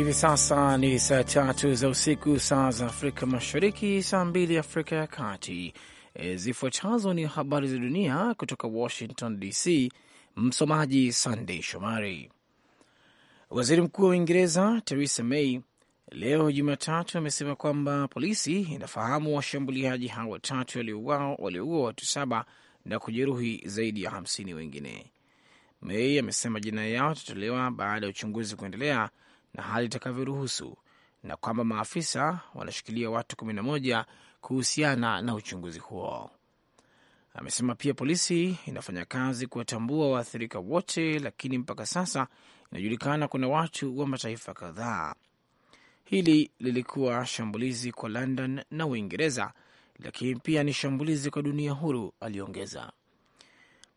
Hivi sasa ni saa tatu za usiku, saa za Afrika Mashariki, saa mbili Afrika ya Kati. E, zifuatazo ni habari za dunia kutoka Washington DC. Msomaji Sandey Shomari. Waziri Mkuu wa Uingereza Theresa May leo Jumatatu amesema kwamba polisi inafahamu washambuliaji hao watatu walioua watu saba na kujeruhi zaidi ya hamsini wengine. May amesema jina yao atatolewa baada ya uchunguzi kuendelea na hali itakavyoruhusu na kwamba maafisa wanashikilia watu 11 kuhusiana na uchunguzi huo. Amesema pia polisi inafanya kazi kuwatambua waathirika wote, lakini mpaka sasa inajulikana kuna watu wa mataifa kadhaa. Hili lilikuwa shambulizi kwa London na Uingereza, lakini pia ni shambulizi kwa dunia huru, aliongeza.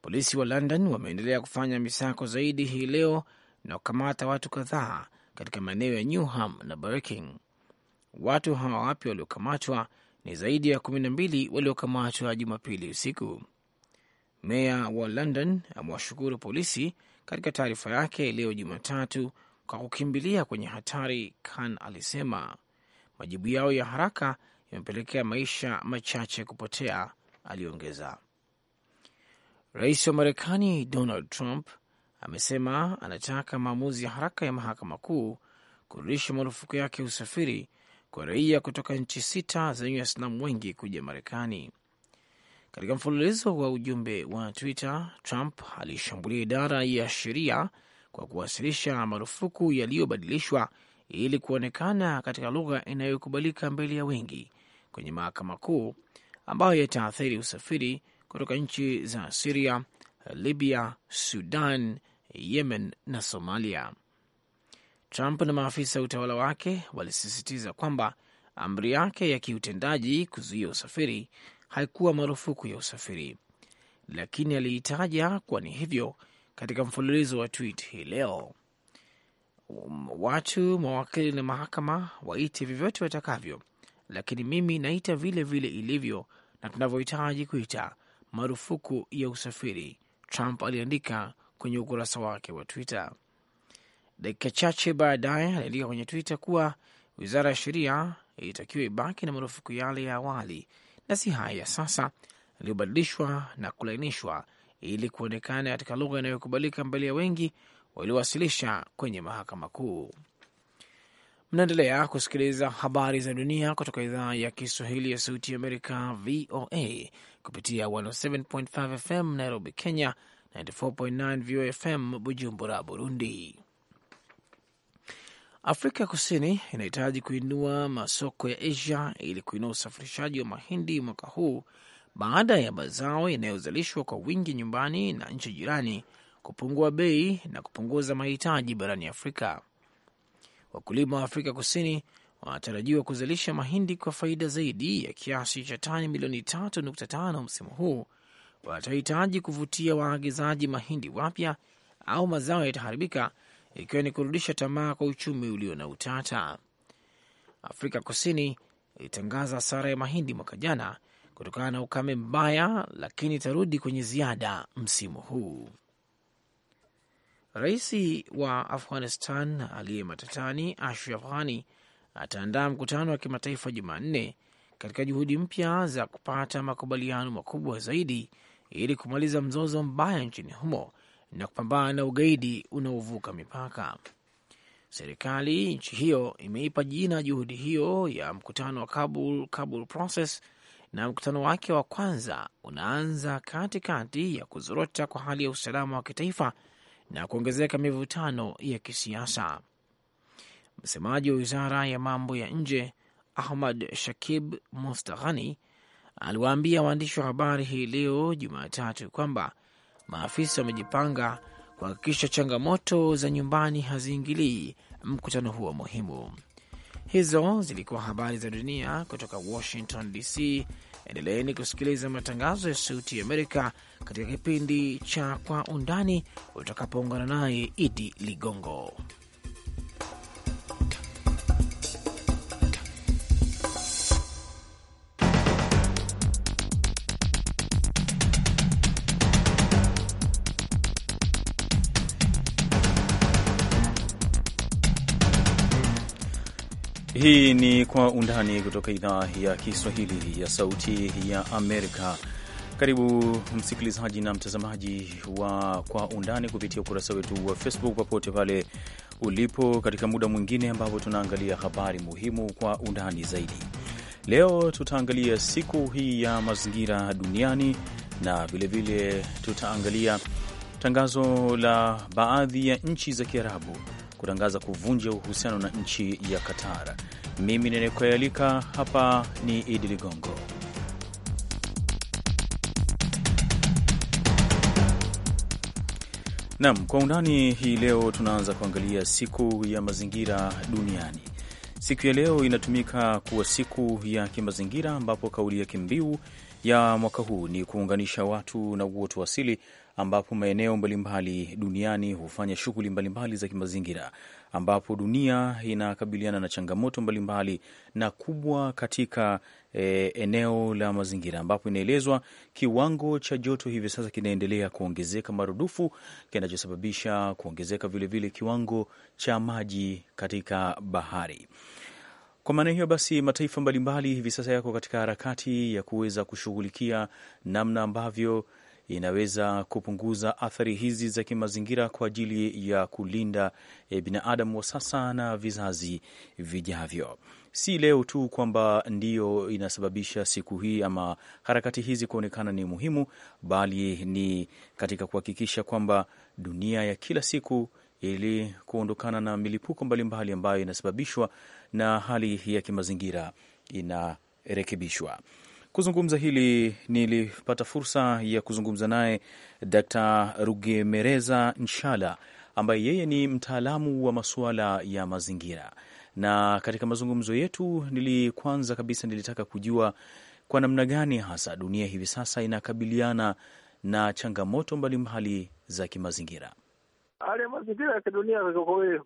Polisi wa London wameendelea kufanya misako zaidi hii leo na kukamata watu kadhaa katika maeneo ya Newham na Barking. Watu hawa wapya waliokamatwa ni zaidi ya kumi na mbili waliokamatwa Jumapili usiku. Meya wa London amewashukuru polisi katika taarifa yake leo Jumatatu kwa kukimbilia kwenye hatari. Khan alisema majibu yao ya haraka yamepelekea maisha machache kupotea, aliongeza. Rais wa Marekani Donald Trump amesema anataka maamuzi ya haraka ya mahakama kuu kurudisha marufuku yake ya usafiri kwa raia kutoka nchi sita zenye Waislamu wengi kuja Marekani. Katika mfululizo wa ujumbe wa Twitter, Trump alishambulia idara ya sheria kwa kuwasilisha marufuku yaliyobadilishwa ili kuonekana katika lugha inayokubalika mbele ya wengi kwenye mahakama kuu ambayo yataathiri usafiri kutoka nchi za Siria, Libya, Sudan, Yemen na Somalia. Trump na maafisa wa utawala wake walisisitiza kwamba amri yake ya kiutendaji kuzuia usafiri haikuwa marufuku ya usafiri, lakini aliitaja kuwa ni hivyo katika mfululizo wa tweet hii leo. Um, watu, mawakili na mahakama waite vyovyote watakavyo, lakini mimi naita vile vile ilivyo na tunavyohitaji kuita marufuku ya usafiri, Trump aliandika kwenye ukurasa wake wa Twitter. Dakika chache baadaye aliandika kwenye Twitter kuwa wizara ya sheria ilitakiwa ibaki na marufuku yale ya awali na si haya ya sasa yaliyobadilishwa na kulainishwa ili kuonekana katika lugha inayokubalika mbele ya wengi waliowasilisha kwenye mahakama kuu. Mnaendelea kusikiliza habari za dunia kutoka idhaa ya Kiswahili ya Sauti ya Amerika, VOA, kupitia 107.5 FM Nairobi, Kenya 94.9 VOFM Bujumbura, Burundi. Afrika Kusini inahitaji kuinua masoko ya Asia ili kuinua usafirishaji wa mahindi mwaka huu baada ya mazao yanayozalishwa kwa wingi nyumbani na nchi jirani kupungua bei na kupunguza mahitaji barani Afrika. Wakulima wa Afrika Kusini wanatarajiwa kuzalisha mahindi kwa faida zaidi ya kiasi cha tani milioni 3.5 msimu huu watahitaji kuvutia waagizaji mahindi wapya au mazao yataharibika, ikiwa ni kurudisha tamaa kwa uchumi ulio na utata. Afrika Kusini ilitangaza hasara ya mahindi mwaka jana kutokana na ukame mbaya, lakini itarudi kwenye ziada msimu huu. Rais wa Afghanistan aliye matatani Ashraf Ghani ataandaa mkutano wa kimataifa Jumanne katika juhudi mpya za kupata makubaliano makubwa zaidi ili kumaliza mzozo mbaya nchini humo na kupambana na ugaidi unaovuka mipaka. Serikali nchi hiyo imeipa jina juhudi hiyo ya mkutano wa Kabul, Kabul Process, na mkutano wake wa kwanza unaanza katikati kati ya kuzorota kwa hali ya usalama wa kitaifa na kuongezeka mivutano ya kisiasa. Msemaji wa wizara ya mambo ya nje Ahmad Shakib Mustaghani aliwaambia waandishi wa habari hii leo Jumatatu kwamba maafisa wamejipanga kuhakikisha changamoto za nyumbani haziingilii mkutano huo muhimu. Hizo zilikuwa habari za dunia kutoka Washington DC. Endeleeni kusikiliza matangazo ya Sauti ya Amerika katika kipindi cha Kwa Undani utakapoungana naye Idi Ligongo. Hii ni Kwa Undani kutoka idhaa ya Kiswahili ya Sauti ya Amerika. Karibu msikilizaji na mtazamaji wa Kwa Undani kupitia ukurasa wetu wa Facebook popote pale ulipo, katika muda mwingine ambapo tunaangalia habari muhimu kwa undani zaidi. Leo tutaangalia siku hii ya mazingira duniani na vilevile tutaangalia tangazo la baadhi ya nchi za Kiarabu kutangaza kuvunja uhusiano na nchi ya Qatar. Mimi ninayekualika hapa ni Idi Ligongo. Naam, kwa undani hii leo tunaanza kuangalia siku ya mazingira duniani. Siku ya leo inatumika kuwa siku ya kimazingira, ambapo kauli yake mbiu ya mwaka huu ni kuunganisha watu na uoto wa asili ambapo maeneo mbalimbali duniani hufanya shughuli mbalimbali za kimazingira, ambapo dunia inakabiliana na changamoto mbalimbali na kubwa katika e, eneo la mazingira, ambapo inaelezwa kiwango cha joto hivi sasa kinaendelea kuongezeka marudufu, kinachosababisha kuongezeka vilevile vile kiwango cha maji katika bahari. Kwa maana hiyo basi, mataifa mbalimbali hivi sasa yako katika harakati ya kuweza kushughulikia namna ambavyo inaweza kupunguza athari hizi za kimazingira kwa ajili ya kulinda e, binadamu wa sasa na vizazi vijavyo. Si leo tu kwamba ndiyo inasababisha siku hii ama harakati hizi kuonekana ni muhimu, bali ni katika kuhakikisha kwamba dunia ya kila siku ili kuondokana na milipuko mbalimbali ambayo inasababishwa na hali ya kimazingira inarekebishwa. Kuzungumza hili nilipata fursa ya kuzungumza naye Dkt. Rugemereza Nshala ambaye yeye ni mtaalamu wa masuala ya mazingira, na katika mazungumzo yetu nili kwanza kabisa nilitaka kujua kwa namna gani hasa dunia hivi sasa inakabiliana na changamoto mbalimbali za kimazingira hali ya mazingira ya kidunia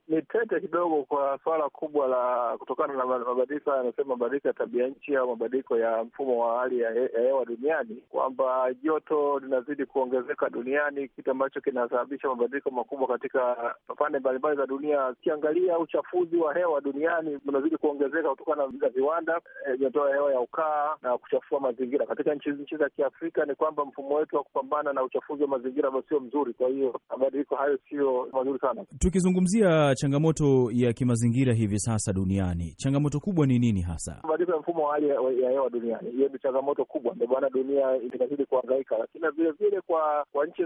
ni tete kidogo, kwa swala kubwa la kutokana na mabadiliko anasema mabadiliko ya tabia nchi au mabadiliko ya mfumo wa hali ya hewa duniani, kwamba joto linazidi kuongezeka duniani, kitu ambacho kinasababisha mabadiliko makubwa katika pande mbalimbali za dunia. Ukiangalia uchafuzi wa hewa duniani unazidi kuongezeka kutokana na viwanda vinatoa eh, hewa ya ukaa na kuchafua mazingira. Katika nchi nchi za Kiafrika ni kwamba mfumo wetu wa kupambana na uchafuzi wa mazingira sio mzuri, kwa hiyo mabadiliko hayo sio sio mazuri sana. Tukizungumzia changamoto ya kimazingira hivi sasa duniani, changamoto kubwa ni nini hasa? Mabadiliko ya mfumo wa hali ya hewa duniani, hiyo ni changamoto kubwa. Ndio maana dunia inazidi kuhangaika, lakini na vilevile kwa kwa nchi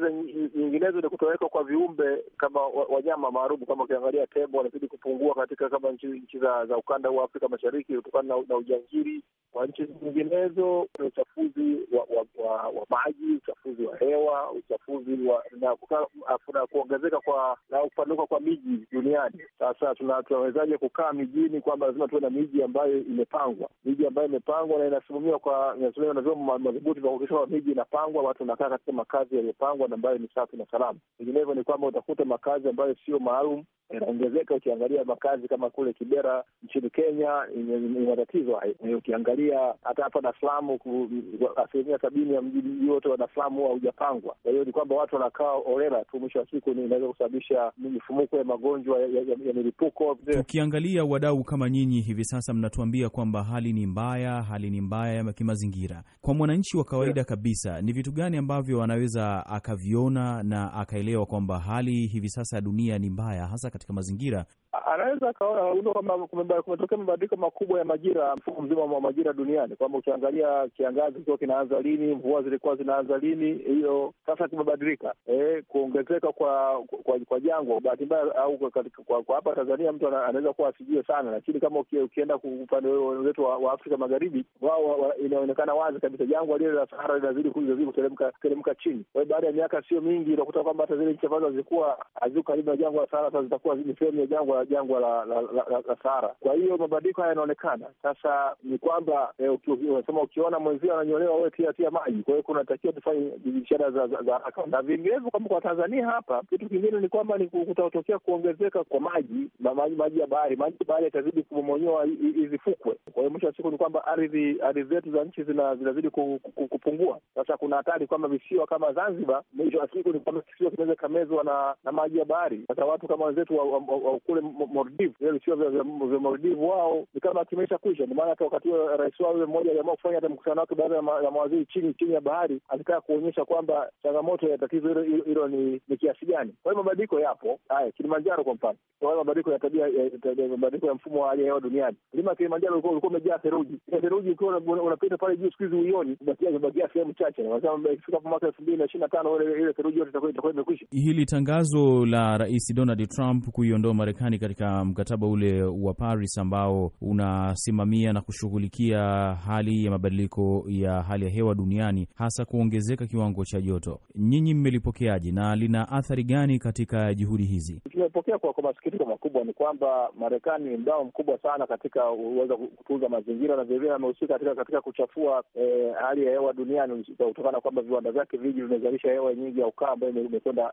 nyinginezo ni kutoweka kwa viumbe kama wanyama maarufu. Kama ukiangalia tembo wanazidi kupungua katika kama nchi nchi za, za ukanda wa Afrika Mashariki kutokana na, na ujangiri. Kwa nchi nyinginezo ni uchafuzi wa, wa, wa, wa maji, uchafuzi wa hewa, uchafuzi wa na kuongezeka kwa kwa na kupanuka kwa miji duniani. Sasa tunawezaje kukaa mijini kwamba lazima tuwe na miji ambayo imepangwa, miji ambayo imepangwa na inasimamiwa kwa inasimamiwa na vyombo madhubuti vya kuhakikisha kwamba miji inapangwa, watu wanakaa katika makazi yaliyopangwa na ambayo ni safi na salama. Vinginevyo ni kwamba utakuta makazi ambayo sio maalum inaongezeka Ukiangalia makazi kama kule Kibera nchini Kenya ni matatizo hayo. Ukiangalia hata hapa Dar es Salaam, asilimia sabini ya mji wote wa Dar es Salaam haujapangwa. Kwa hiyo ni kwamba watu wanakaa orera tu, mwisho wa siku ni husababisha mifumuko ya magonjwa ya, ya, ya milipuko. Tukiangalia wadau kama nyinyi hivi sasa mnatuambia kwamba hali ni mbaya, hali ni mbaya ya kimazingira. Kwa mwananchi wa kawaida yeah, kabisa ni vitu gani ambavyo anaweza akaviona na akaelewa kwamba hali hivi sasa ya dunia ni mbaya, hasa katika mazingira anaweza akaona kwamba kumetokea mabadiliko makubwa ya majira, mfumo mzima wa majira duniani, kwamba ukiangalia kiangazi kilikuwa kinaanza lini, mvua zilikuwa zinaanza lini. Hiyo sasa kimebadilika. eh, kuongezeka kwa kwa, kwa jangwa. Bahati mbaya au kwa hapa Tanzania mtu anaweza kuwa asijue sana, lakini kama ukienda upande wetu wa Afrika Magharibi, wao inaonekana wazi kabisa jangwa lile la Sahara linazidi kuteremka chini. Kwa hiyo baada ya miaka sio mingi unakuta kwamba hata zile nchi ambazo hazikuwa haziko karibu na jangwa la Sahara sasa zitakuwa ni sehemu ya jangwa jangwa la, la, la, la, la Sahara. Kwa hiyo mabadiliko haya yanaonekana sasa, ni kwamba eh, unasema eh, ukiona mwenzio ananyolewa we tia tia maji. Kwa hiyo kunatakiwa tufanye jitihada za haraka, na vinginevyo kwamba kwa Tanzania hapa kitu kingine ni kwamba ni kutatokea kuongezeka kwa maji maji, maji ya bahari. Maji ya bahari yatazidi kumomonyoa hizi fukwe. Kwa hiyo mwisho wa siku ni kwamba ardhi ardhi zetu za nchi zinazidi kupungua. Sasa kuna hatari kwamba visiwa kama Zanzibar, mwisho wa siku ni kwamba kisiwa kinaweza kamezwa na, na maji ya bahari. Sasa watu kama wenzetu wa, wa, wa, wa kule Maldives. Vile yaani visiwa vya Maldives wao ni kama kimeisha kuisha. Ndio maana hata wakati huo rais wao yule mmoja aliamua kufanya hata mkutano wake baada ya mawaziri chini chini ya bahari, alitaka kuonyesha kwamba changamoto ya tatizo hilo hilo ni ni kiasi gani. Kwa hiyo mabadiliko yapo haya. Kilimanjaro kwa mfano, kwa mabadiliko ya tabia, mabadiliko ya mfumo wa hali ya hewa duniani. Mlima Kilimanjaro ulikuwa umejaa theluji. Ile theluji ukiwa unapita pale juu, siku hizi uioni, imebakia sehemu chache. Wanasema ikifika mwaka elfu mbili na ishirini na tano ile theluji yote itakuwa imekwisha. Hili tangazo la Rais Donald Trump kuiondoa Marekani katika mkataba ule wa Paris ambao unasimamia na kushughulikia hali ya mabadiliko ya hali ya hewa duniani, hasa kuongezeka kiwango cha joto. Nyinyi mmelipokeaje na lina athari gani katika juhudi hizi? Tumepokea kwa kwa masikitiko makubwa. Ni kwamba Marekani ni mdao mkubwa sana katika uweza kutunza mazingira na vilevile amehusika katika, katika kuchafua eh, hali ya hewa duniani kutokana kwamba viwanda vyake vingi vimezalisha hewa nyingi ya ukaa ambayo imekwenda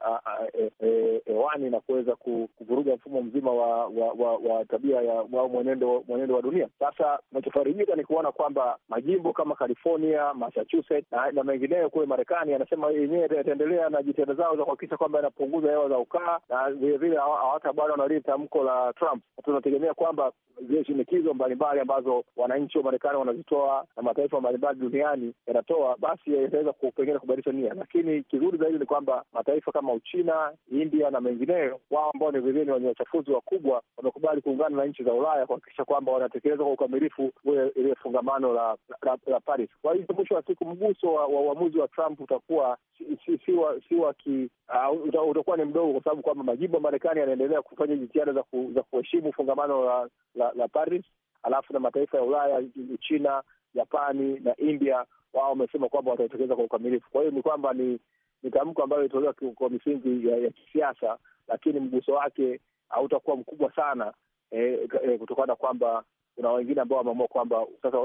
e, e, hewani eh, eh, eh, na kuweza kuvuruga mfumo mzima wa wa, wa, wa tabia ya au mwenendo mwenendo wa dunia. Sasa tunachofarijika ni kuona kwamba majimbo kama California, Massachusetts na, na mengineyo kule Marekani yanasema yenyewe yataendelea na jitihada zao za kuhakikisha kwamba yanapunguza hewa za ukaa, na vilevile hawata bado wanalii tamko la Trump. Tunategemea kwamba zile shinikizo mbalimbali ambazo wananchi wa Marekani wanazitoa na mataifa mbalimbali duniani yanatoa, basi yataweza pengine kubadilisha nia, lakini kizuri zaidi ni kwamba mataifa kama Uchina, India na mengineyo, wao ambao ni vilevile ni wachafuzi wa kubwa wamekubali kuungana na nchi za Ulaya kuhakikisha kwamba wanatekeleza kwa ukamilifu ile fungamano la, la, la Paris. Kwa hivyo mwisho wa siku mguso wa uamuzi wa, wa Trump utakuwa si, si, si wa ki uh, utakuwa ni mdogo, kwa sababu kwamba majimbo ya Marekani yanaendelea kufanya jitihada za, ku, za kuheshimu fungamano la, la, la Paris, alafu na mataifa ya Ulaya, China, Japani na India wao wamesema kwamba watatekeleza kwa ukamilifu. Kwa hiyo ni kwamba ni ni tamko ambayo ilitolewa kwa misingi ya, ya kisiasa, lakini mguso wake hautakuwa mkubwa sana e, e, kutokana na kwamba kuna wengine ambao wameamua kwamba sasa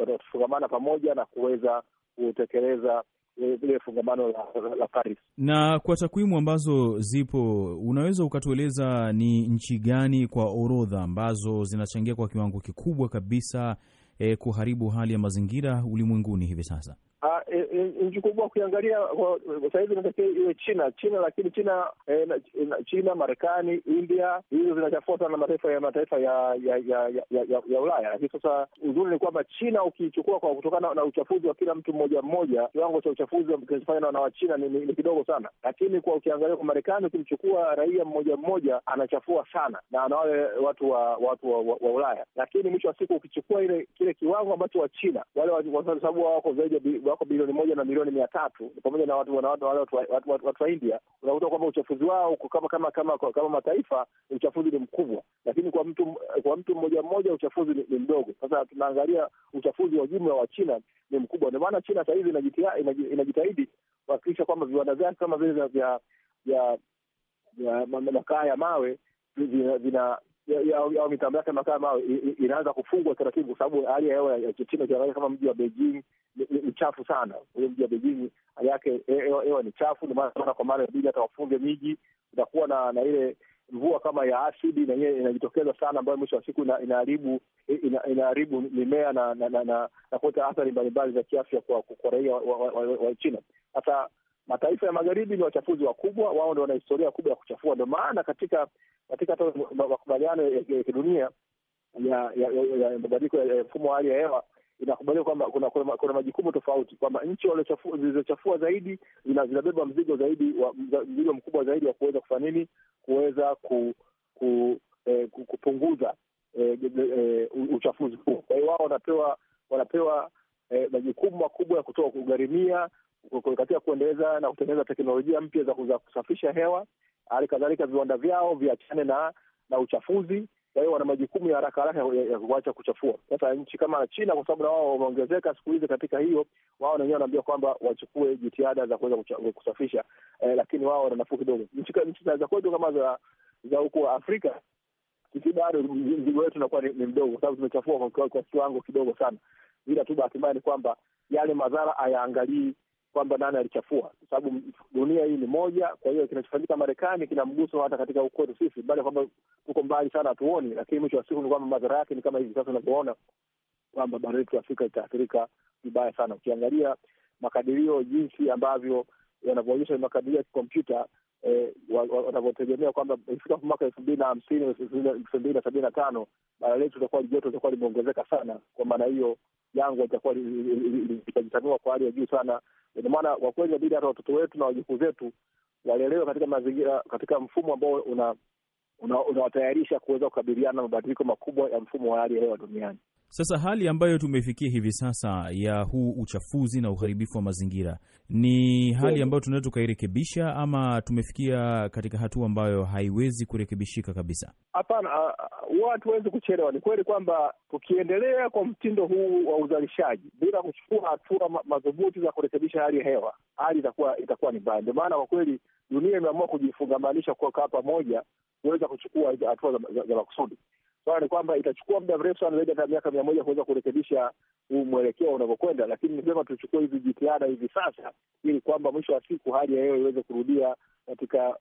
watafungamana pamoja na kuweza kutekeleza lile eh, fungamano la, la Paris. Na kwa takwimu ambazo zipo, unaweza ukatueleza ni nchi gani kwa orodha ambazo zinachangia kwa kiwango kikubwa kabisa eh, kuharibu hali ya mazingira ulimwenguni hivi sasa? Ah, eh, eh, nchi kubwa kuiangalia hivi inatakiwa iwe China China, lakini China e, na, China, Marekani, India hizo zinachafua sana mataifa ya mataifa ya ya ya, ya, ya, ya Ulaya. Lakini sasa uzuri ni kwamba China ukichukua kwa kutokana na uchafuzi wa kila mtu mmoja mmoja, kiwango cha uchafuzi kinachofanywa na Wachina ni, ni, ni kidogo sana, lakini kwa ukiangalia kwa Marekani ukimchukua raia mmoja mmoja anachafua sana na na wale watu wa watu wa, wa, wa Ulaya, lakini mwisho wa siku ukichukua ile kile kiwango ambacho wa China wale kwa sababu wako zaidi wako bilioni moja na milioni mia tatu pamoja na watu wale watu wa India, unakuta kwamba uchafuzi wao kama kama kama kama mataifa uchafuzi ni mkubwa, lakini kwa mtu kwa mtu mmoja mmoja uchafuzi ni mdogo. Sasa tunaangalia uchafuzi wa jumla wa China ni mkubwa. Ndio maana China saa hizi inajitahidi kuhakikisha kwamba viwanda vyake kama vile vya makaa ya mawe vina ya mitambo yake kama inaanza kufungwa taratibu, kwa sababu hali ya hewa ya China kiangalia kama mji wa Beijing ni chafu sana. Huyo mji wa Beijing hali yake hewa ni chafu, ndio maana mara kwa mara inabidi hata wafunge miji. Utakuwa na na ile mvua kama ya asidi na yeye inajitokeza sana, ambayo mwisho wa siku inaharibu inaharibu mimea na na kuleta athari mbalimbali za kiafya kwa raia wa China. Sasa mataifa ya magharibi ni wachafuzi wakubwa, wao ndio wana historia kubwa ya kuchafua. Ndio maana katika katika hata makubaliano ya kidunia ya mabadiliko ya mfumo wa hali ya hewa inakubaliwa kwamba kuna, kuna, kuna majukumu tofauti kwamba nchi zilizochafua zaidi zinabeba mzigo zaidi wa, mzigo mkubwa zaidi wa kuweza kufanya nini kuweza ku, ku, eh, kupunguza eh, eh, uchafuzi huo. Kwa hiyo wao wanapewa wanapewa eh, majukumu makubwa ya kutoa kugharimia katika kuendeleza na kutengeneza teknolojia mpya za kusafisha hewa. Hali kadhalika viwanda vyao viachane na na uchafuzi. Kwa hiyo wana majukumu ya haraka haraka ya kuacha kuchafua. Sasa nchi kama China, kwa sababu na wao wameongezeka siku hizi katika hiyo, wao wenyewe wanaambia kwamba wachukue jitihada za kuweza kusafisha eh, lakini wao wana nafuu kidogo. Nchi za kwetu kama za za huko Afrika, sisi bado mzigo wetu unakuwa ni mdogo, kwa sababu tumechafua kwa kiwango kidogo sana, ila tu bahati mbaya ni kwamba yale madhara hayaangalii kwamba nani alichafua, kwa sababu dunia hii ni moja. Kwa hiyo kinachofanyika Marekani kina mguso hata katika ukwetu sisi, baada ya kwamba tuko mbali sana hatuoni, lakini mwisho wa siku ni kwamba madhara yake ni kama hivi sasa unavyoona kwamba bara letu Afrika litaathirika vibaya sana. Ukiangalia makadirio jinsi ambavyo yanavyoonyesha makadirio ya kikompyuta eh, wanavyotegemea kwamba ifika mwaka elfu mbili na hamsini elfu mbili na sabini na tano bara letu litakuwa joto litakuwa limeongezeka sana. Kwa maana hiyo jangwa litakuwa litajitanua kwa hali ya juu sana. Ndio maana kwa kweli inabidi hata watoto wetu na wajukuu zetu walelewe katika mazingira, katika mfumo ambao una unawatayarisha una kuweza kukabiliana na mabadiliko makubwa ya mfumo wa hali ya hewa duniani. Sasa hali ambayo tumefikia hivi sasa ya huu uchafuzi na uharibifu wa mazingira ni hali ambayo tunaweza tukairekebisha, ama tumefikia katika hatua ambayo haiwezi kurekebishika kabisa? Hapana, huwa hatuwezi kuchelewa. Ni kweli kwamba tukiendelea kwa mtindo huu wa uzalishaji bila kuchukua hatua madhubuti za kurekebisha hali ya hewa, hali itakuwa itakuwa ni mbaya. Ndio maana kwa kweli dunia imeamua kujifungamanisha, kukaa pamoja, kuweza kuchukua hatua za makusudi swala ni kwamba itachukua muda mrefu sana zaidi hata miaka mia moja kuweza kurekebisha huu mwelekeo unavyokwenda, lakini ni vyema tuchukue hizi jitihada hivi sasa, ili kwamba mwisho wa siku hali ya hewa iweze kurudia katika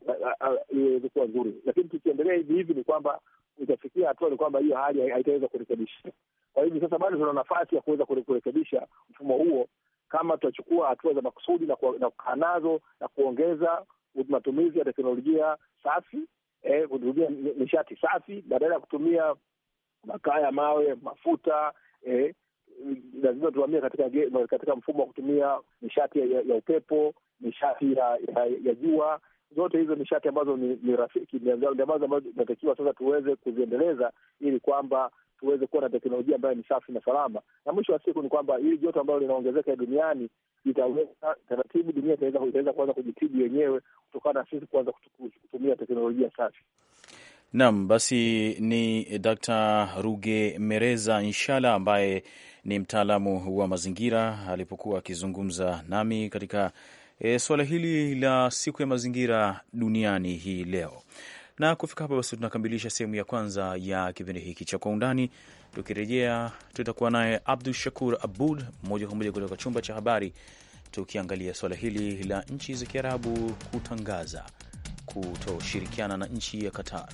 iweze kuwa nzuri. Lakini tukiendelea hivi hivi, ni kwamba itafikia hatua ni kwamba hiyo hali haitaweza kurekebisha. Kwa hivi sasa bado tuna nafasi ya kuweza kurekebisha mfumo huo kama tutachukua hatua za makusudi na kukaa nazo na kuongeza matumizi ya teknolojia safi eh, kutumia nishati safi badala ya kutumia makaa ya mawe, mafuta eh, lazima tuamia katika katika mfumo wa kutumia nishati ya, ya upepo, nishati ya, ya, ya jua. Zote hizo nishati ambazo ni, ni rafiki ndio ambazo inatakiwa sasa tuweze kuziendeleza ili kwamba tuweze kuwa na teknolojia ambayo ni safi na salama, na mwisho wa siku ni kwamba hili joto ambalo linaongezeka duniani itaweza taratibu, dunia itaweza kuanza kujitibu yenyewe kutokana na sisi kuanza kutumia teknolojia safi. Naam, basi ni Dkt. mereza Nshala ambaye ni mtaalamu wa mazingira alipokuwa akizungumza nami katika e, eh, suala hili la siku ya mazingira duniani hii leo. Na kufika hapa basi, tunakamilisha sehemu ya kwanza ya kipindi hiki cha Kwa Undani. Tukirejea tutakuwa naye Abdu Shakur Abud moja kwa moja kutoka chumba cha habari, tukiangalia suala hili la nchi za Kiarabu kutangaza kutoshirikiana na nchi ya Qatar.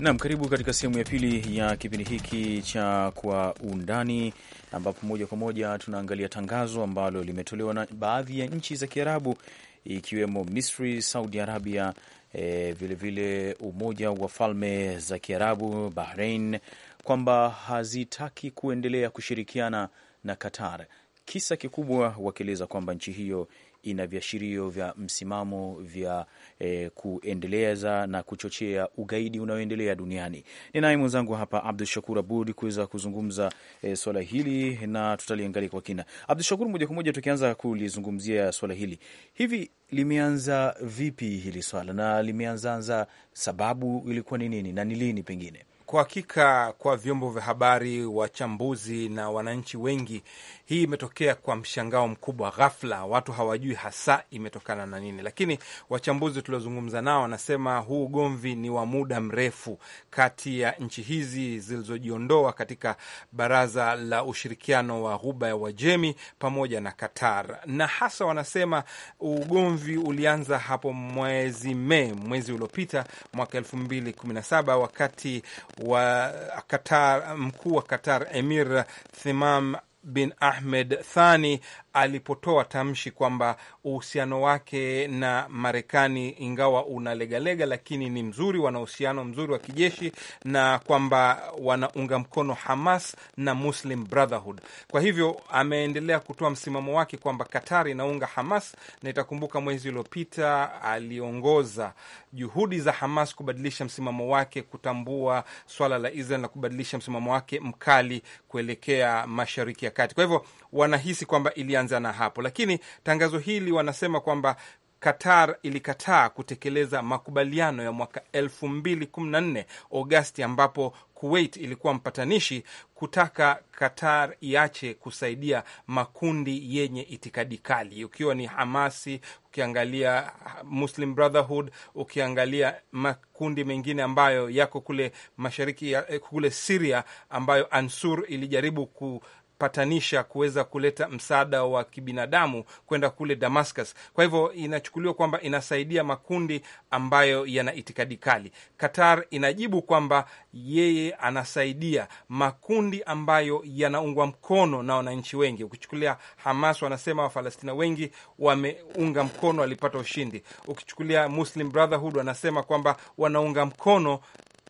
Naam, karibu katika sehemu ya pili ya kipindi hiki cha Kwa Undani, ambapo moja kwa moja tunaangalia tangazo ambalo limetolewa na baadhi ya nchi za Kiarabu ikiwemo Misri, Saudi Arabia, vilevile eh, vile Umoja wa Falme za Kiarabu, Bahrain, kwamba hazitaki kuendelea kushirikiana na Qatar. Kisa kikubwa wakieleza kwamba nchi hiyo ina viashirio vya msimamo vya eh, kuendeleza na kuchochea ugaidi unaoendelea duniani. Ni naye mwenzangu hapa Abdu Shakur Abud kuweza kuzungumza eh, swala hili na tutaliangalia kwa kina. Abdu Shakur, moja kwa moja tukianza kulizungumzia swala hili, hivi limeanza vipi hili swala na limeanzaanza, sababu ilikuwa ni nini na ni lini pengine? Kwa hakika kwa vyombo vya habari, wachambuzi na wananchi wengi, hii imetokea kwa mshangao mkubwa, ghafla. Watu hawajui hasa imetokana na nini, lakini wachambuzi tuliozungumza nao wanasema huu ugomvi ni wa muda mrefu kati ya nchi hizi zilizojiondoa katika Baraza la Ushirikiano wa Ghuba ya Uajemi pamoja na Qatar, na hasa wanasema ugomvi ulianza hapo mwezi Mei, mwezi uliopita mwaka elfu mbili kumi na saba wakati wa Qatar, mkuu wa Qatar Emir Thimam bin Ahmed Thani alipotoa tamshi kwamba uhusiano wake na Marekani ingawa unalegalega, lakini ni mzuri, wana uhusiano mzuri wa kijeshi, na kwamba wanaunga mkono Hamas na Muslim Brotherhood. Kwa hivyo ameendelea kutoa msimamo wake kwamba Qatar inaunga Hamas, na itakumbuka mwezi uliopita aliongoza juhudi za Hamas kubadilisha msimamo wake, kutambua swala la Israel na kubadilisha msimamo wake mkali kuelekea mashariki ya kati. Kwa hivyo wanahisi kwamba ilianza na hapo, lakini tangazo hili wanasema kwamba Qatar ilikataa kutekeleza makubaliano ya mwaka 2014 Agosti, ambapo Kuwait ilikuwa mpatanishi kutaka Qatar iache kusaidia makundi yenye itikadi kali, ukiwa ni Hamasi, ukiangalia Muslim Brotherhood, ukiangalia makundi mengine ambayo yako kule mashariki ya, kule siria ambayo Ansur ilijaribu ku patanisha kuweza kuleta msaada wa kibinadamu kwenda kule Damascus. Kwa hivyo inachukuliwa kwamba inasaidia makundi ambayo yana itikadi kali. Qatar inajibu kwamba yeye anasaidia makundi ambayo yanaungwa mkono na wananchi wengi. Ukichukulia Hamas, wanasema wafalastina wengi wameunga mkono, walipata ushindi. Ukichukulia Muslim Brotherhood, wanasema kwamba wanaunga mkono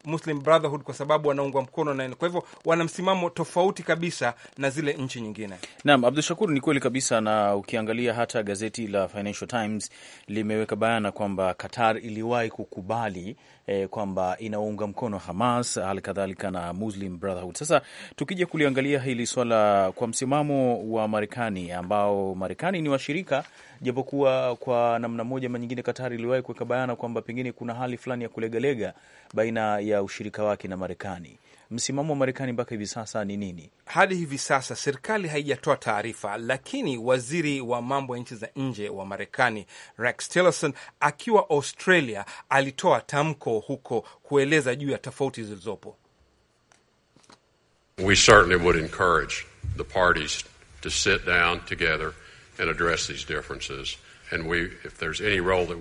Muslim Brotherhood kwa sababu wanaungwa mkono na, kwa hivyo wana msimamo tofauti kabisa na zile nchi nyingine. Naam, Abdu Shakur, ni kweli kabisa, na ukiangalia hata gazeti la Financial Times limeweka bayana kwamba Qatar iliwahi kukubali eh, kwamba inaunga mkono Hamas hali kadhalika na Muslim Brotherhood. Sasa tukija kuliangalia hili swala kwa msimamo wa Marekani, ambao Marekani ni washirika, japokuwa kwa namna moja ama nyingine Qatar iliwahi kuweka bayana kwamba pengine kuna hali fulani ya kulegalega baina ya ya ushirika wake na Marekani. Msimamo wa Marekani mpaka hivi sasa ni nini? Hadi hivi sasa serikali haijatoa taarifa, lakini waziri wa mambo ya nchi za nje wa Marekani Rex Tillerson akiwa Australia alitoa tamko huko kueleza juu ya tofauti zilizopo. We certainly would encourage the parties to sit down together and address these differences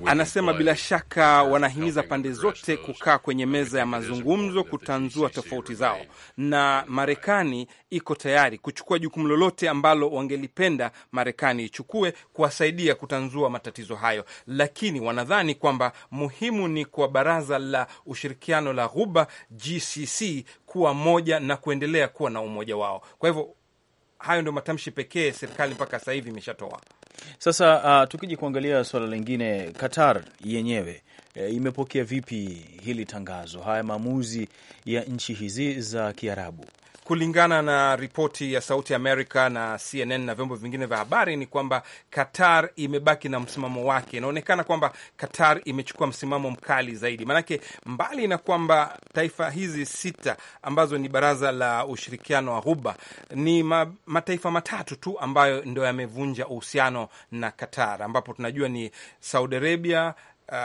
anasema bila shaka wanahimiza pande zote kukaa kwenye meza ya mazungumzo kutanzua e tofauti zao, na Marekani iko tayari kuchukua jukumu lolote ambalo wangelipenda Marekani ichukue kuwasaidia kutanzua matatizo hayo, lakini wanadhani kwamba muhimu ni kwa baraza la ushirikiano la Ghuba GCC kuwa moja na kuendelea kuwa na umoja wao. Kwa hivyo hayo ndio matamshi pekee serikali mpaka sasa hivi imeshatoa. Sasa uh, tukija kuangalia suala lingine, Qatar yenyewe e, imepokea vipi hili tangazo, haya maamuzi ya nchi hizi za Kiarabu? Kulingana na ripoti ya Sauti Amerika na CNN na vyombo vingine vya habari ni kwamba Qatar imebaki na msimamo wake. Inaonekana kwamba Qatar imechukua msimamo mkali zaidi, maanake mbali na kwamba taifa hizi sita ambazo ni Baraza la Ushirikiano wa Ghuba ni ma, mataifa matatu tu ambayo ndo yamevunja uhusiano na Qatar, ambapo tunajua ni Saudi Arabia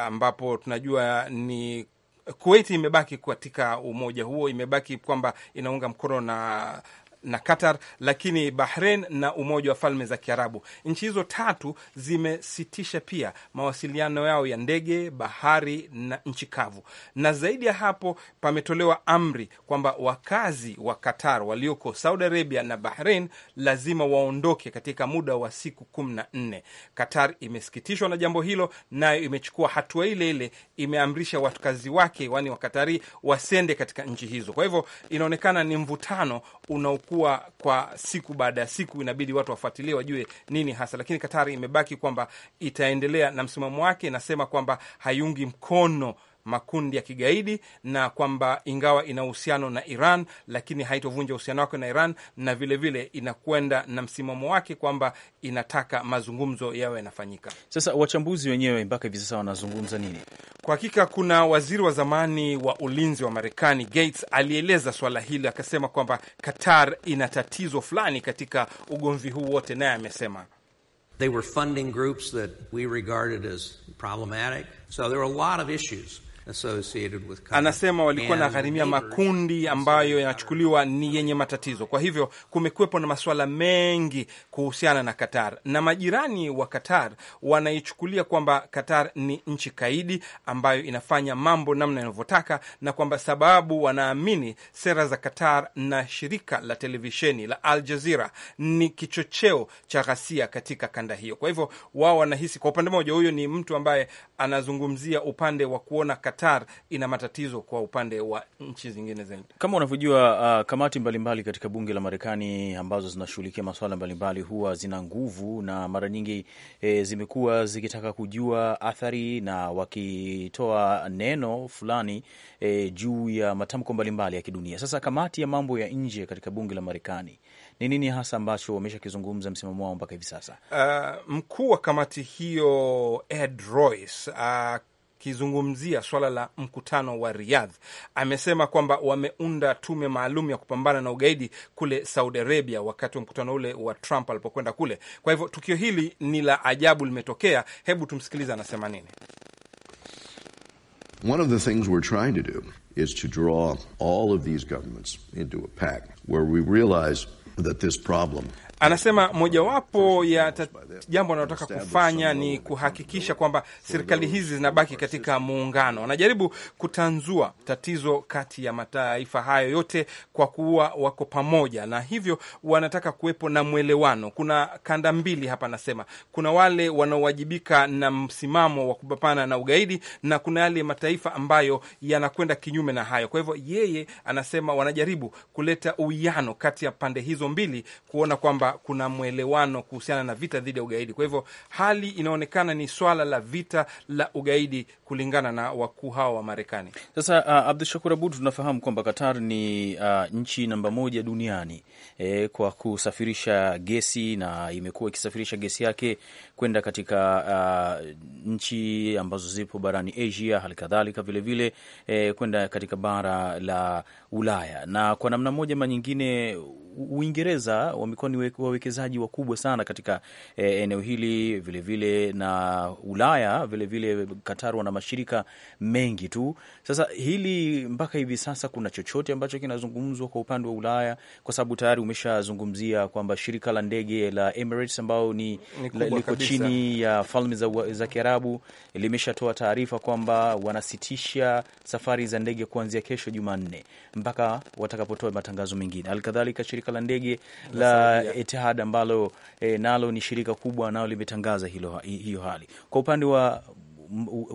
ambapo tunajua ni Kuwait imebaki katika umoja huo, imebaki kwamba inaunga mkono na na Qatar, lakini Bahrain na Umoja wa Falme za Kiarabu. Nchi hizo tatu zimesitisha pia mawasiliano yao ya ndege, bahari na nchi kavu. Na zaidi ya hapo, pametolewa amri kwamba wakazi wa Qatar walioko Saudi Arabia na Bahrain lazima waondoke katika muda wa siku kumi na nne. Qatar imesikitishwa na jambo hilo, nayo imechukua hatua ile ile, imeamrisha wakazi wake, wani Wakatari, wasende katika nchi hizo. Kwa hivyo inaonekana ni mvutano unaoku kuwa kwa siku baada ya siku, inabidi watu wafuatilie, wajue nini hasa. Lakini Katari imebaki kwamba itaendelea na msimamo wake, inasema kwamba haiungi mkono makundi ya kigaidi na kwamba ingawa ina uhusiano na Iran lakini haitovunja uhusiano wake na Iran, na vilevile inakwenda na msimamo wake kwamba inataka mazungumzo yawe yanafanyika. Sasa wachambuzi wenyewe mpaka hivi sasa wanazungumza nini? Kwa hakika, kuna waziri wa zamani wa ulinzi wa Marekani Gates alieleza swala hili, akasema kwamba Qatar ina tatizo fulani katika ugomvi huu wote, naye amesema They were funding groups that we regarded as problematic. So there were a lot of issues. Anasema walikuwa na gharimia makundi ambayo yanachukuliwa ni yenye matatizo. Kwa hivyo kumekuwepo na masuala mengi kuhusiana na Qatar, na majirani wa Qatar wanaichukulia kwamba Qatar ni nchi kaidi ambayo inafanya mambo namna inavyotaka, na kwamba sababu wanaamini sera za Qatar na shirika la televisheni la Al Jazeera ni kichocheo cha ghasia katika kanda hiyo. Kwa hivyo wao wanahisi kwa upande mmoja, huyo ni mtu ambaye anazungumzia upande wa kuona Qatar Qatar ina matatizo kwa upande wa nchi zingine zaidi. Kama unavyojua, uh, kamati mbalimbali mbali katika bunge la Marekani ambazo zinashughulikia masuala mbalimbali huwa zina nguvu na mara nyingi e, zimekuwa zikitaka kujua athari na wakitoa neno fulani e, juu ya matamko mbalimbali ya kidunia. Sasa kamati ya mambo ya nje katika bunge la Marekani ni nini hasa ambacho wameshakizungumza msimamo wao mpaka hivi sasa? Uh, mkuu wa kamati hiyo Ed Royce uh, akizungumzia swala la mkutano wa Riyadh amesema kwamba wameunda tume maalum ya kupambana na ugaidi kule Saudi Arabia, wakati wa mkutano ule wa Trump alipokwenda kule. Kwa hivyo tukio hili ni la ajabu limetokea. Hebu tumsikilize anasema nini. One of the things we're trying to do is to draw all of these governments into a pact where we realize that this problem Anasema mojawapo ya jambo analotaka kufanya ni kuhakikisha kwamba serikali hizi zinabaki katika muungano. Anajaribu kutanzua tatizo kati ya mataifa hayo yote kwa kuwa wako pamoja, na hivyo wanataka kuwepo na mwelewano. Kuna kanda mbili hapa, anasema kuna wale wanaowajibika na msimamo wa kupambana na ugaidi na kuna yale mataifa ambayo yanakwenda kinyume na hayo. Kwa hivyo, yeye anasema wanajaribu kuleta uwiano kati ya pande hizo hizo mbili kuona kwamba kuna mwelewano kuhusiana na vita dhidi ya ugaidi. Kwa hivyo hali inaonekana ni swala la vita la ugaidi kulingana na wakuu hao wa Marekani. Sasa uh, Abdu Shakur Abud, tunafahamu kwamba Qatar ni uh, nchi namba moja duniani e, kwa kusafirisha gesi na imekuwa ikisafirisha gesi yake kwenda katika uh, nchi ambazo zipo barani Asia, hali kadhalika vilevile e, eh, kwenda katika bara la Ulaya na kwa namna moja ma nyingine Uingereza wamekuwa ni wawekezaji wakubwa sana katika e, eneo hili vilevile vile na Ulaya vilevile vile wana mashirika mengi tu. Sasa hili mpaka hivi sasa kuna chochote ambacho kinazungumzwa kwa upande wa Ulaya, kwa sababu tayari umeshazungumzia kwamba shirika la ndege la Emirates ambao ni, ni liko chini ya Falme za, za Kiarabu limeshatoa taarifa kwamba wanasitisha safari za ndege kuanzia kesho Jumanne mpaka watakapotoa matangazo mengine. Alkadhalika shirika shirika la ndege la Etihad ambalo e, nalo ni shirika kubwa, nao limetangaza hilo hiyo hali. Kwa upande wa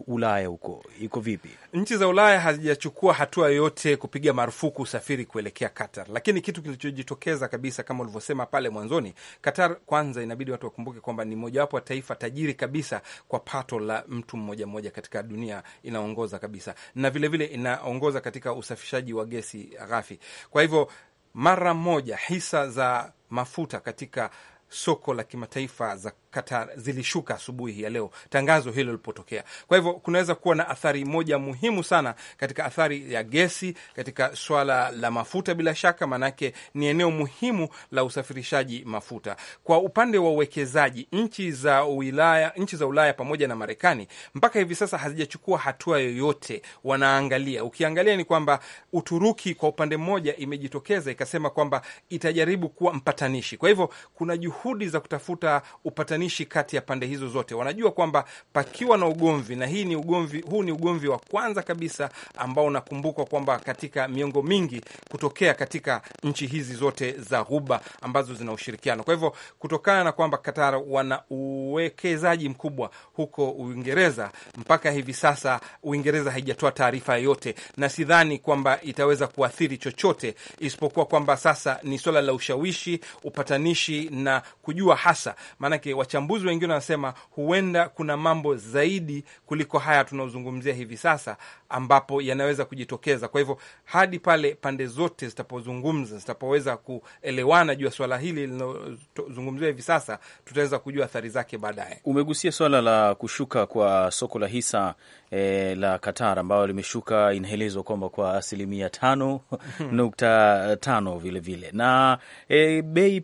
Ulaya huko iko vipi? Nchi za Ulaya hazijachukua hatua yoyote kupiga marufuku usafiri kuelekea Qatar, lakini kitu kilichojitokeza kabisa kama ulivyosema pale mwanzoni, Qatar kwanza, inabidi watu wakumbuke kwamba ni mojawapo wa taifa tajiri kabisa kwa pato la mtu mmoja mmoja katika dunia, inaongoza kabisa na vilevile vile inaongoza katika usafishaji wa gesi ghafi. Kwa hivyo mara moja hisa za mafuta katika soko la kimataifa za Qatar zilishuka asubuhi ya leo tangazo hilo lilipotokea. Kwa hivyo kunaweza kuwa na athari moja muhimu sana katika athari ya gesi, katika swala la mafuta, bila shaka, maanake ni eneo muhimu la usafirishaji mafuta. Kwa upande wa uwekezaji, nchi za Ulaya, nchi za Ulaya pamoja na Marekani mpaka hivi sasa hazijachukua hatua yoyote, wanaangalia. Ukiangalia ni kwamba Uturuki kwa upande mmoja imejitokeza ikasema kwamba itajaribu kuwa mpatanishi, kwa hivyo kuna juhu juhudi za kutafuta upatanishi kati ya pande hizo zote. Wanajua kwamba pakiwa na ugomvi, na hii ni ugomvi, huu ni ugomvi wa kwanza kabisa ambao unakumbukwa kwamba katika miongo mingi kutokea katika nchi hizi zote za Ghuba ambazo zina ushirikiano. Kwa hivyo kutokana na kwamba Qatar wana uwekezaji mkubwa huko Uingereza, mpaka hivi sasa Uingereza haijatoa taarifa yoyote, na sidhani kwamba itaweza kuathiri chochote, isipokuwa kwamba sasa ni swala la ushawishi, upatanishi na kujua hasa, maanake wachambuzi wengine wanasema huenda kuna mambo zaidi kuliko haya tunaozungumzia hivi sasa, ambapo yanaweza kujitokeza. Kwa hivyo hadi pale pande zote zitapozungumza, zitapoweza kuelewana juu ya swala hili linalozungumziwa hivi sasa, tutaweza kujua athari zake baadaye. Umegusia swala la kushuka kwa soko la hisa e, la Qatar ambayo limeshuka, inaelezwa kwamba kwa asilimia tano nukta tano vilevile na e, bei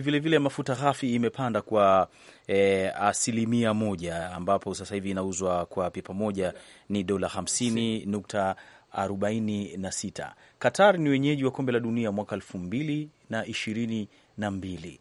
vilevile ya mafuta ghafi imepanda kwa e, asilimia moja ambapo sasa hivi inauzwa kwa pipa moja ni dola hamsini nukta arobaini na sita. Qatar ni wenyeji wa kombe la dunia mwaka elfu mbili na ishirini na mbili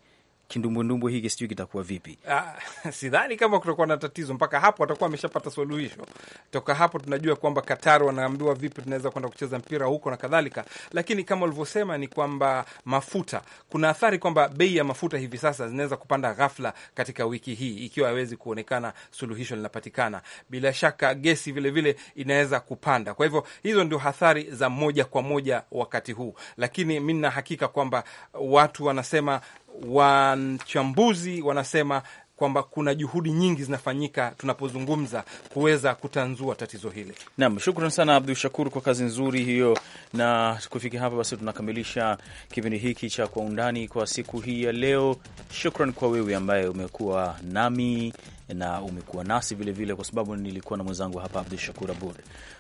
kindumbundumbu hiki sijui kitakuwa vipi. Ah, sidhani kama kutakuwa na tatizo mpaka hapo watakuwa ameshapata suluhisho. Toka hapo tunajua kwamba katar wanaambiwa vipi tunaweza kwenda kucheza mpira huko na kadhalika, lakini kama ulivyosema ni kwamba mafuta, kuna athari kwamba bei ya mafuta hivi sasa zinaweza kupanda ghafla katika wiki hii, ikiwa hawezi kuonekana suluhisho linapatikana. Bila shaka gesi vilevile inaweza kupanda, kwa hivyo hizo ndio athari za moja kwa moja wakati huu, lakini mi nina hakika kwamba watu wanasema wachambuzi wanasema kwamba kuna juhudi nyingi zinafanyika tunapozungumza kuweza kutanzua tatizo hili. Naam, shukran sana Abdu Shakur kwa kazi nzuri hiyo. Na kufikia hapa basi, tunakamilisha kipindi hiki cha Kwa Undani kwa siku hii ya leo. Shukran kwa wewe ambaye umekuwa nami na umekuwa nasi vilevile vile, kwa sababu nilikuwa na mwenzangu hapa Abdu Shakur Abud.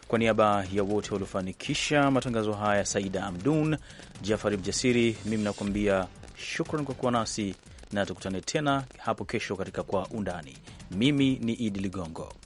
Kwa niaba ya wote waliofanikisha matangazo haya, Saida Amdun, Jafari Mjasiri, mimi nakuambia Shukran kwa kuwa nasi na tukutane tena hapo kesho katika Kwa Undani. Mimi ni Idi Ligongo.